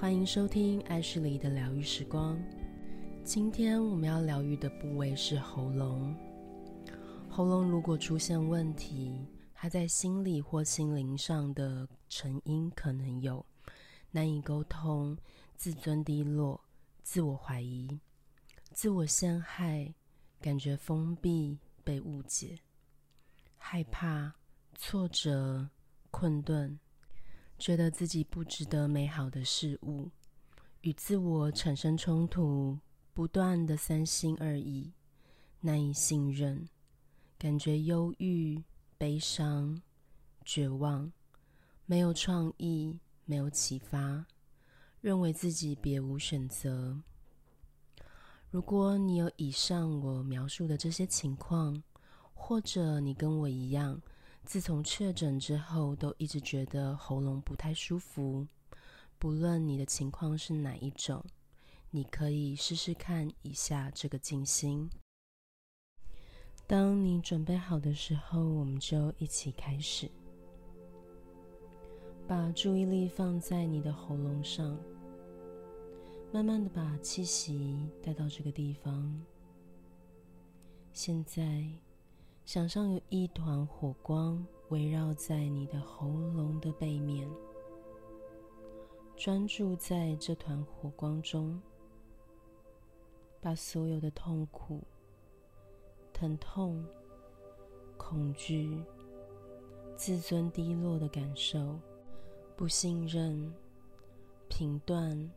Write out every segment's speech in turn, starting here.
歡迎收聽《愛旭黎的療癒時光》。今天我們要療癒的部位是喉嚨。喉嚨如果出現問題，它在心理或心靈上的成因可能有：難以溝通、自尊低落、自我懷疑、自我陷害、感覺封閉、被誤解、害怕、挫折、困頓。覺得自己不值得美好的事物，與自我產生衝突，不斷的三心二意，難以信任，感覺憂鬱、悲傷、絕望，沒有創意、沒有啟發，認為自己別無選擇。如果你有以上我描述的這些情況，或者你跟我一樣，自從確診之後，都一直覺得喉嚨不太舒服。不論你的情況是哪一種，你可以試試看一下這個靜心。當你準備好的時候，我們就一起開始。把注意力放在你的喉嚨上，慢慢的把氣息帶到這個地方。現在。想象有一團火光圍繞在你的喉嚨的背面，專注在這團火光中，把所有的痛苦、疼痛、恐懼、自尊低落的感受、不信任、評斷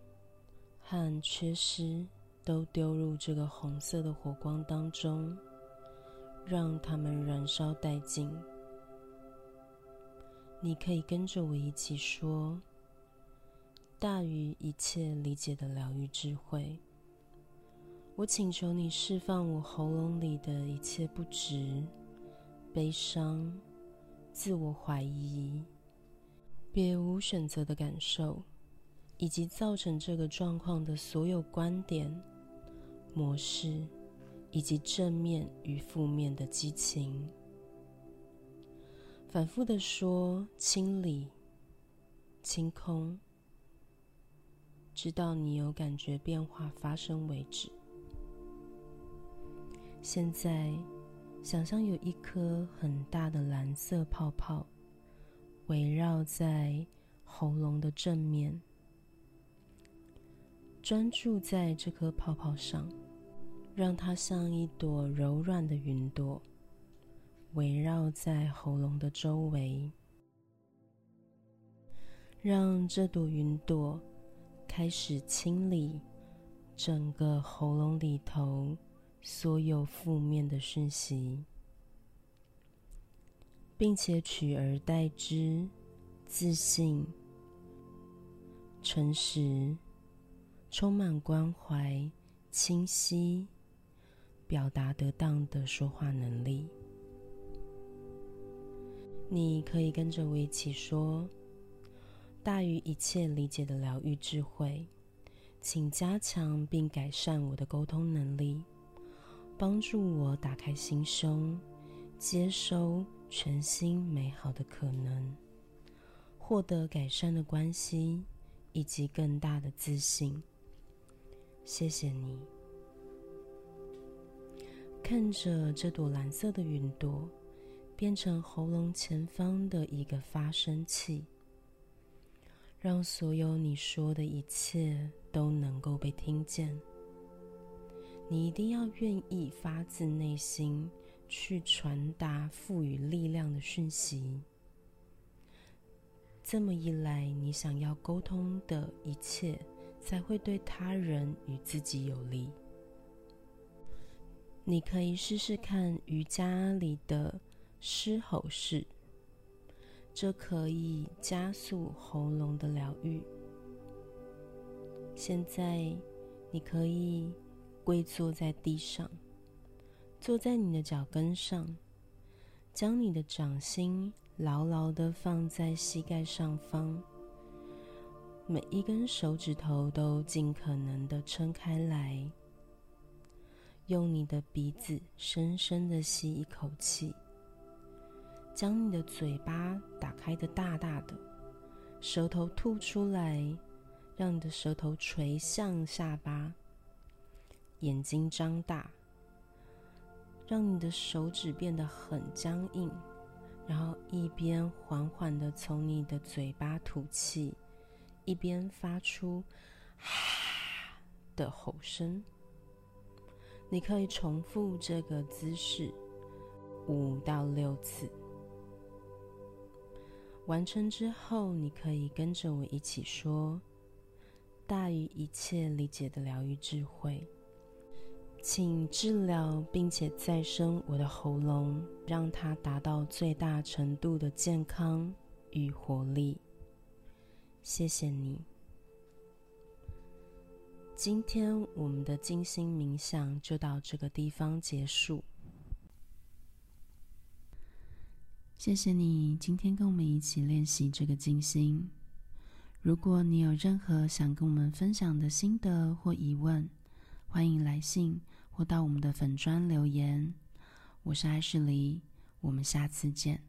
和缺失都丟入這個紅色的火光當中。讓他們燃燒殆盡。你可以跟着我一起說：“大於一切理解的療癒智慧。”我請求你釋放我喉嚨裡的一切不值、悲傷、自我懷疑、別無選擇的感受，以及造成這個狀況的所有觀點模式。以及正面與負面的激情，反覆的說清理、清空，直到你有感覺變化發生為止。現在，想象有一顆很大的藍色泡泡，圍繞在喉嚨的正面，專注在這顆泡泡上。讓它像一朵柔軟的雲朵，圍繞在喉嚨的周圍。讓這朵雲朵開始清理整個喉嚨裡頭所有負面的訊息，並且取而代之，自信、誠實、充滿關懷、清晰。表達得當的說話能力，你可以跟着我一起說：“大於一切理解的療癒智慧，請加強並改善我的溝通能力，幫助我打開心胸，接收全新美好的可能，獲得改善的關係以及更大的自信。”謝謝你。看着這朵藍色的雲朵，變成喉嚨前方的一個發聲器，讓所有你說的一切都能夠被聽見。你一定要願意發自內心去傳達賦予力量的訊息。這麼一來，你想要溝通的一切才會對他人與自己有利。你可以試試看瑜伽裡的獅吼式，這可以加速喉嚨的療癒。現在，你可以跪坐在地上，坐在你的腳跟上，將你的掌心牢牢的放在膝蓋上方，每一根手指頭都盡可能的撐開來。用你的鼻子深深的吸一口氣，將你的嘴巴打開的大大的，舌頭吐出來，讓你的舌頭垂向下巴，眼睛張大，讓你的手指變得很僵硬，然後一邊緩緩的從你的嘴巴吐氣，一邊發出“哈”的吼聲。你可以重複這個姿勢五到六次。完成之後，你可以跟着我一起說：“大於一切理解的療癒智慧，請治療並且再生我的喉嚨，讓它達到最大程度的健康與活力。”謝謝你。今天我們的靜心冥想就到這個地方結束。謝謝你今天跟我們一起練習這個靜心。如果你有任何想跟我們分享的心得或疑問，歡迎來信或到我們的粉專留言。我是愛旭黎，我們下次見。